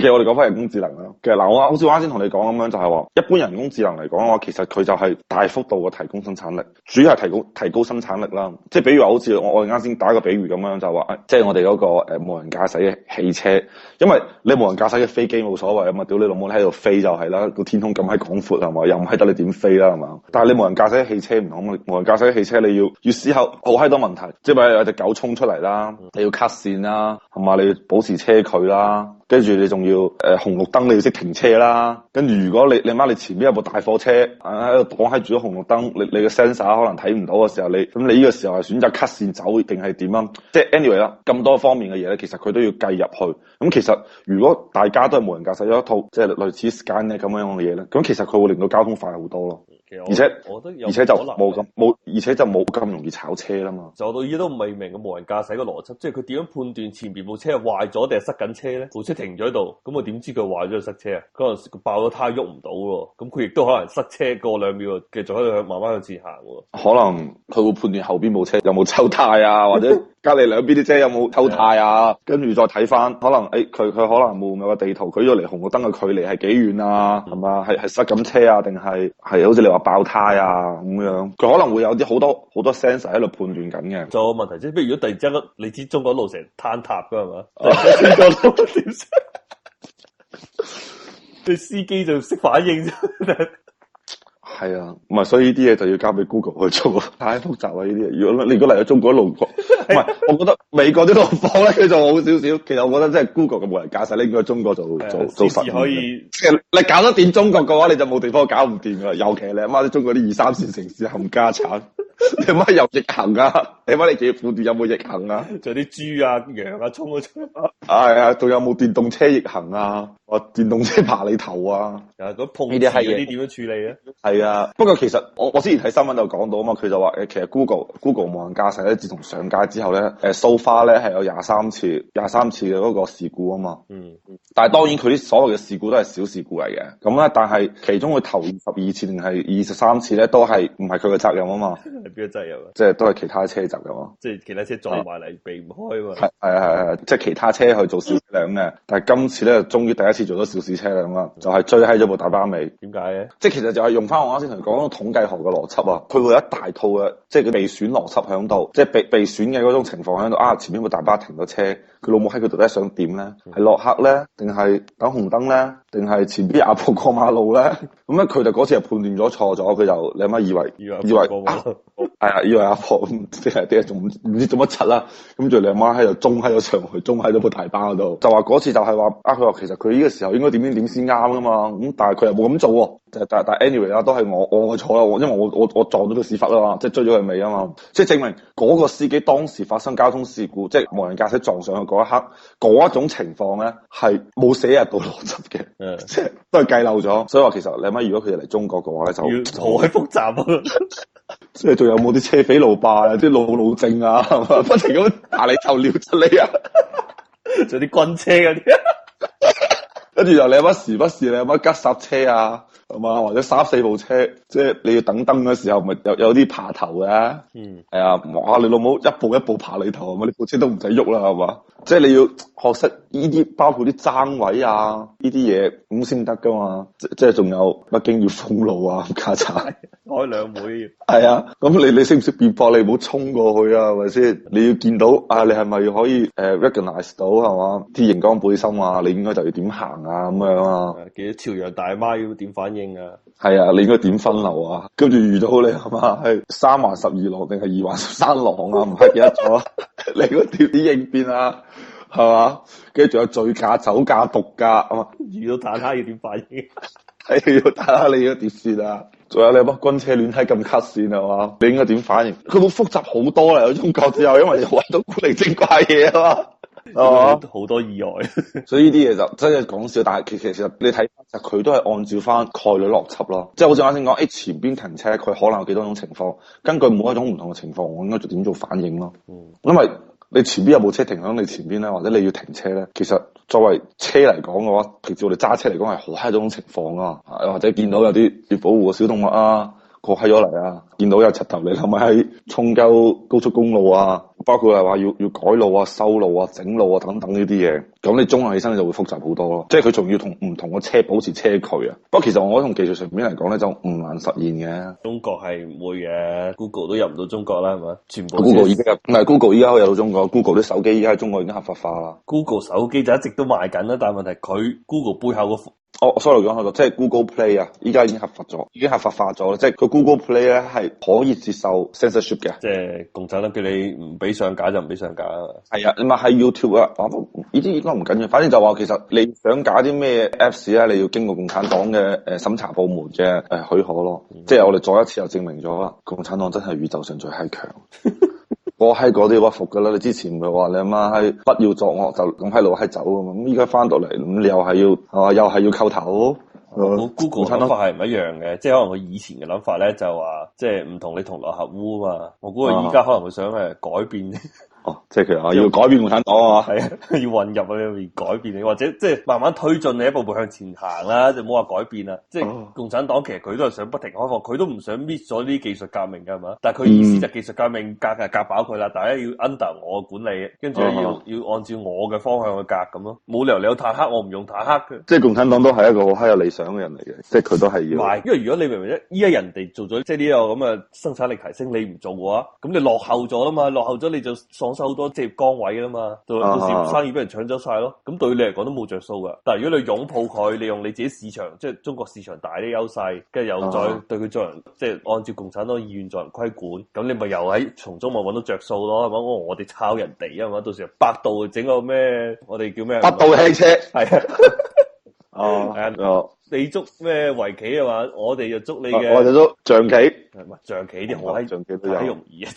其實我哋講翻人工智能啦。其實嗱，我好似我啱先同你講咁樣，就係、是、話一般人工智能嚟講嘅話，其實佢就係大幅度嘅提供生產力，主要係提高提高生產力啦。即係比如話，好似我我啱先打個比喻咁樣，就話、是、即係我哋嗰、那個誒、呃、無人駕駛嘅汽車，因為你無人駕駛嘅飛機冇所謂啊嘛，屌你老母你喺度飛就係啦，個天空咁閪廣闊係嘛，又唔係得你點飛啦係嘛。但係你無人駕駛嘅汽車唔同，無人駕駛嘅汽車你要要思考好閪多問題，即係譬如有隻狗衝出嚟啦，你要卡線啦，同埋你要保持車距啦。跟住你仲要，誒、呃、紅綠燈你要識停車啦。跟住如果你你媽你前面有部大貨車，喺度擋喺住咗紅綠燈，你你個 sensor 可能睇唔到嘅時候，你咁你呢個時候係選擇 cut 線走定係點啊？即係 anyway 啦，咁多方面嘅嘢咧，其實佢都要計入去。咁其實如果大家都係無人駕駛咗一套，即係類似 Skynet 咧咁樣樣嘅嘢咧，咁其實佢會令到交通快好多咯。而且我覺得而且就冇咁冇，而且就冇咁容易炒車啦嘛。就到依都未明嘅無人駕駛嘅邏輯，即係佢點樣判斷前邊部車係壞咗定係塞緊車咧？停咗喺度，咁我點知佢壞咗就塞車啊？嗰陣佢爆咗胎喐唔到喎，咁佢亦都可能塞車，過兩秒繼續喺度慢慢向前行喎。可能佢會判斷後邊部車，有冇抽胎啊？或者？ 隔籬兩邊啲車有冇偷胎啊？跟住再睇翻，可能誒，佢、欸、佢可能冇咪個地圖，佢咗離紅綠燈嘅距離係幾遠啊？係、嗯、嘛，係係塞緊車啊，定係係好似你話爆胎啊咁樣？佢可能會有啲好多好多 s e n s e 喺度判斷緊嘅。就個問題啫，不如如果突然之間你知中國路成坍塌噶係嘛？啊、路 你司機就識反應啫。係啊，唔係，所以呢啲嘢，就要交俾 Google 去做啦。太複雜啦呢啲，嘢，如果你如果嚟咗中國路。唔 係，我覺得美國啲地方咧，佢仲好少少。其實我覺得即係 Google 嘅無人駕駛你應該中國做 做做實。做 時時可以，即係你搞得掂中國嘅話，你就冇地方搞唔掂㗎啦。尤其係你阿媽啲中國啲二三線城市冚家產， 你阿媽，媽又逆行啊！你問你幾業路段有冇逆行啊？仲有啲豬啊、羊啊衝咗出嚟啊，係啊，仲、哎、有冇電動車逆行啊？我電動車爬你頭啊？啊咁碰呢啲係嘅，啲點樣處理啊？係啊，不過其實我我之前睇新聞就講到啊嘛，佢就話誒，其實 Google Google 無人駕駛咧，自從上街之後咧，誒、so far 咧係有廿三次，廿三次嘅嗰個事故啊嘛。嗯。但係當然佢啲所謂嘅事故都係小事故嚟嘅，咁咧，但係其中佢頭二十二次定係二十三次咧，都係唔係佢嘅責任啊嘛？係邊個責任啊？即係都係其他車。即係其他車撞埋嚟，避唔開喎。係係係係，即係其他車去做肇事車輛嘅，但係今次咧，終於第一次做咗肇事車輛啦，就係、是、追喺咗部大巴尾。點解咧？即係其實就係用翻我啱先同你講嗰個統計學嘅邏輯啊，佢會有一大套嘅，即係佢被選邏輯喺度，即係被被選嘅嗰種情況喺度啊，前面部大巴停咗車。佢老母喺佢度咧想點咧？係落黑咧？定係等紅燈咧？定係前邊阿婆過馬路咧？咁咧佢就嗰次係判斷咗錯咗，佢就你阿媽以為以為啊，係啊以為阿婆即係啲人仲唔知做乜柒啦。咁就你阿媽喺度中喺咗上去，中喺度，部大巴嗰度，就話嗰次就係話啊，佢話其實佢呢個時候應該點點點先啱噶嘛。咁但係佢又冇咁做喎、哦。但但 anyway 啦，都係我我去坐啦，我因為我我我，我撞到個屎忽啦，即係追咗佢尾啊嘛，即係證明嗰個司機當時發生交通事故，即係無人駕駛撞上去嗰一刻，嗰一種情況咧係冇寫入到邏輯嘅，是 yeah. 即係都係計漏咗，所以話其實你媽如果佢嚟中國嘅話咧就好係複雜啊，即係仲有冇啲車匪路霸啊，啲路路證啊，不停咁打你臭尿出嚟啊，仲 有啲軍車嗰啲。跟住又你有乜時不時你有乜急剎車啊，係嘛？或者三四部車，即係你要等燈嘅時候，咪有有啲爬頭嘅、啊。嗯，係、哎、啊，哇！你老母一步一步爬你頭，係嘛？呢部車都唔使喐啦，係嘛？即係你要學識呢啲，包括啲爭位啊，呢啲嘢咁先得噶嘛。即係仲有北京要封路啊，加柴開兩會。係啊，咁你你識唔識辨駁？你唔好沖過去啊，係咪先？你要見到啊，你係咪可以誒、呃、recognize 到係嘛？啲熒光背心啊，你應該就要點行啊咁樣啊。幾多朝陽大媽要點反應啊？係啊，你應該點分流啊？跟住遇到你係嘛，係三環十二郎定係二環十三郎啊？唔係幾啊！ 你個調子應變啊，係嘛？跟住仲有醉駕、酒駕、毒駕啊嘛？遇到坦克要點反應？ 遇到坦克 你要點算啊？仲有你乜軍車亂開咁 cut 線係、啊、嘛？你應該點反應？佢好複雜好多啦，有宗教之後，因為又揾到古靈精怪嘢啊嘛。是吧。好多意外， 所以呢啲嘢就真係講笑。但係其實其實你睇，其實佢都係按照翻概率邏輯咯。即係好似啱先講，前邊停車，佢可能有幾多種情況。根據每一種唔同嘅情況，我應該做點做反應咯。因為你前邊有部車停響你前邊咧，或者你要停車咧，其實作為車嚟講嘅話，其實我哋揸車嚟講係好閪多種情況啊。又或者見到有啲要保護嘅小動物啊。過起咗嚟啊！見到有石頭嚟啦，咪喺冲州高速公路啊，包括係話要要改路啊、修路啊、整路啊等等呢啲嘢。咁你綜合起身就會複雜好多咯，即係佢仲要同唔同個車保持車距啊。不過其實我覺得從技術上面嚟講咧，就唔難實現嘅。中國係唔會嘅，Google 都入唔到中國啦，係咪？全部 Google 已經唔係 Google 依家可以入到中國。Google 啲手機依家喺中國已經合法化啦。Google 手機就一直都賣緊啦，但係問題佢 Google 背後嘅我我 sorry 講下咗，即係 Google Play 啊，依家已經合法咗，已經合法化咗，即係佢 Google Play 咧係可以接受 censorship 嘅，即係共產黨叫你唔俾上架就唔俾上架。係啊，你咪喺 YouTube 啊，已已經。唔緊要，反正就話，其實你想搞啲咩 apps 呢？你要經過共產黨嘅誒審查部門嘅誒許可咯。嗯、即係我哋再一次又證明咗啦，共產黨真係宇宙上最係強。 我喺嗰啲屈服噶啦，你之前唔係話你阿媽喺不要作惡，就咁喺老喺走啊嘛，咁依家翻到嚟，咁你又係要啊，又係要，要叩頭。我估 Google 諗法係唔一樣嘅，即係可能佢以前嘅諗法咧就話，即係唔同你同流合污啊嘛。我估佢而家可能會想誒改變、啊。哦，即係佢話要改變共產黨啊，係啊，要混入啊，要改變你，或者即係慢慢推進你一步步向前行啦、啊，就冇話改變啦。即係共產黨其實佢都係想不停開放，佢都唔想搣咗啲技術革命噶嘛。但係佢意思就技術革命夾係夾飽佢啦，大家要 under 我管理，跟住要要按照我嘅方向去夾咁咯。冇理由你有坦克我唔用坦克嘅。即係共產黨都係一個好黑有理想嘅人嚟嘅，即係佢都係要。因為如果你明明依家人哋做咗即係呢個咁嘅生產力提升，你唔做嘅話，咁你落後咗啊嘛，落後咗你就喪收多職業崗位噶嘛，到時生意俾人搶走晒咯。咁、啊嗯嗯嗯、對你嚟講都冇着數噶。但係如果你擁抱佢，利用你自己市場，即、就、係、是、中國市場大啲優勢，跟住又再對佢做人，啊、即係按照共產黨意願做人規管，咁你咪又喺從中咪搵到着數咯，係嘛？我哋抄人哋，因為到時候百度整個咩，我哋叫咩？百度汽車係啊，哦、啊嗯啊，你捉咩圍棋啊嘛？我哋就捉你嘅、啊，我哋捉象棋，唔、啊、係象棋啲好睇，象棋都好容易啊。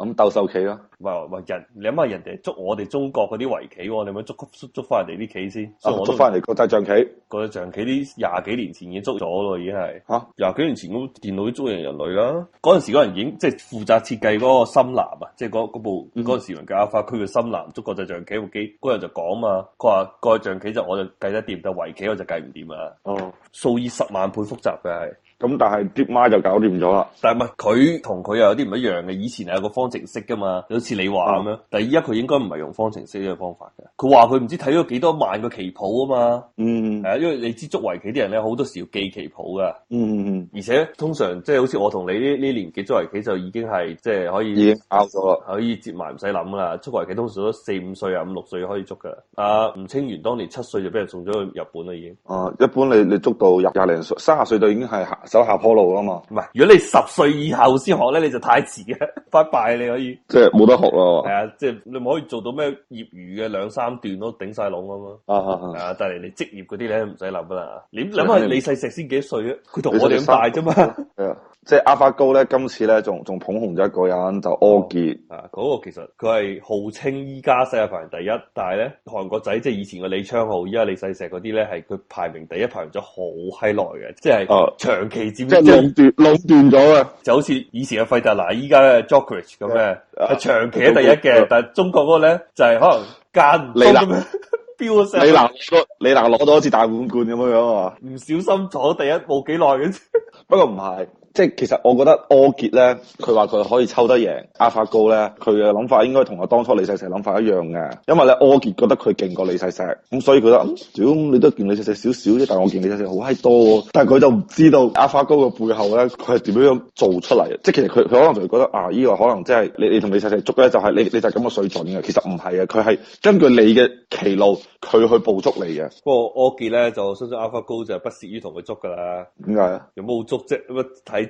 咁鬥獸棋咯，喂喂人，你諗下人哋捉我哋中國嗰啲圍棋，你咪捉捉嚟翻人哋啲棋先。捉翻嚟哋國際象棋，國際象棋啲廿幾年前已經捉咗咯，已經係。吓、啊，廿幾年前咁電腦都捉贏人類啦。嗰陣時嗰人已經即係負責設計嗰個深藍啊，即係嗰部嗰陣時叫阿法魁嘅深藍捉國際象棋部機，嗰人就講嘛，佢話國際象棋就我就計得掂，但圍棋我就計唔掂啊。哦，數、嗯、以十萬倍複雜嘅係。咁但係 DeepMind 就搞掂咗啦。但係唔係佢同佢又有啲唔一樣嘅。以前係有一個方程式噶嘛，好似你話咁樣。但係依家佢應該唔係用方程式呢個方法嘅。佢話佢唔知睇咗幾多萬個棋譜啊嘛。嗯，係啊，因為你知捉圍棋啲人咧，好多時要記棋譜噶。嗯嗯嗯。而且通常即係、就是、好似我同你呢呢年紀捉圍棋就已經係即係可以，拗咗啦，可以接埋唔使諗噶啦。捉圍棋通常都四五歲啊五六歲可以捉噶。阿、啊、吳清源當年七歲就俾人送咗去日本啦已經。哦、啊，一般你你捉到廿廿零歲、卅歲都已經係走下坡路啊嘛，唔係，如果你十歲以後先學咧，你就太遲啊。拜拜你可以，即係冇得學咯。係啊，即係你唔可以做到咩業餘嘅兩三段都頂晒籠啊嘛。啊啊啊，啊！但係你職業嗰啲咧唔使諗啦。你諗下李世石先幾歲啊？佢同我咁大啫嘛。啊，即係阿發高咧，今次咧仲仲捧紅咗一個人就柯潔啊。嗰個其實佢係號稱依家世界排名第一，但係咧韓國仔即係、就是、以前嘅李昌浩，依家李世石嗰啲咧係佢排名第一，排名咗好閪耐嘅，即係長期占即係壟斷壟斷咗啊！就好似以前阿費特娜，依家嘅咁嘅，係長期第一嘅，但係中國嗰個咧就係、是、可能間唔中咁樣飆一聲。李娜攞，李娜攞到一次大滿貫咁樣啊嘛！唔小心坐第一冇幾耐嘅，不過唔係。即係其實我覺得柯傑咧，佢話佢可以抽得贏阿法高咧，佢嘅諗法應該同我當初李世石諗法一樣嘅，因為咧柯傑覺得佢勁過李世石，咁、嗯、所以佢得屌、哎，你都勁李世石少少啫，但係我勁李世石好閪多喎。但係佢就唔知道阿法高嘅背後咧，佢係點樣樣做出嚟？即係其實佢佢可能就會覺得啊，依、這個可能即、就、係、是、你你同李世石捉咧、就是，就係你你就係咁嘅水準嘅。其實唔係啊，佢係根據你嘅棋路，佢去捕捉你嘅。不過柯傑咧就相信阿法高就係不屑於同佢捉㗎啦。點解啊？有冇捉啫，乜睇？